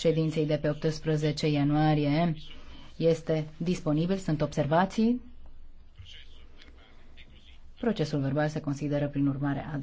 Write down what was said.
ședinței de pe 18 ianuarie este disponibil, sunt observații. Procesul verbal se consideră prin urmare a